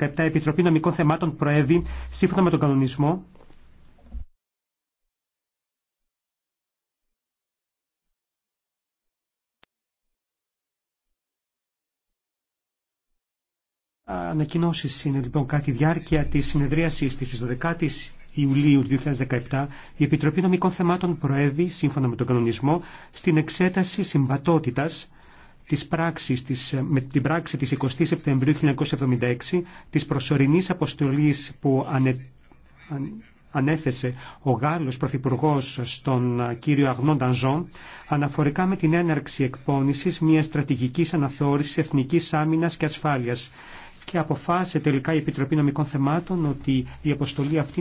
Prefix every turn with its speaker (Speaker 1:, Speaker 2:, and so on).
Speaker 1: 17 η Επιτροπή Νομικών Θεμάτων προέβη σύμφωνα με τον κανονισμό Ανακοινώσει είναι λοιπόν διάρκεια τη συνεδρίαση τη 12η Ιουλίου 2017, η Επιτροπή Νομικών Θεμάτων προέβη, σύμφωνα με τον κανονισμό, στην εξέταση συμβατότητας της πράξης, της, με την πράξη της 20 Σεπτεμβρίου 1976 της προσωρινής αποστολής που αν, ανέθεσε ο Γάλλος Πρωθυπουργό στον κύριο Αγνόν Ντανζόν αναφορικά με την έναρξη εκπόνησης μιας στρατηγικής αναθεώρησης εθνικής άμυνας και ασφάλειας και αποφάσισε τελικά η Επιτροπή Νομικών Θεμάτων ότι η αποστολή αυτή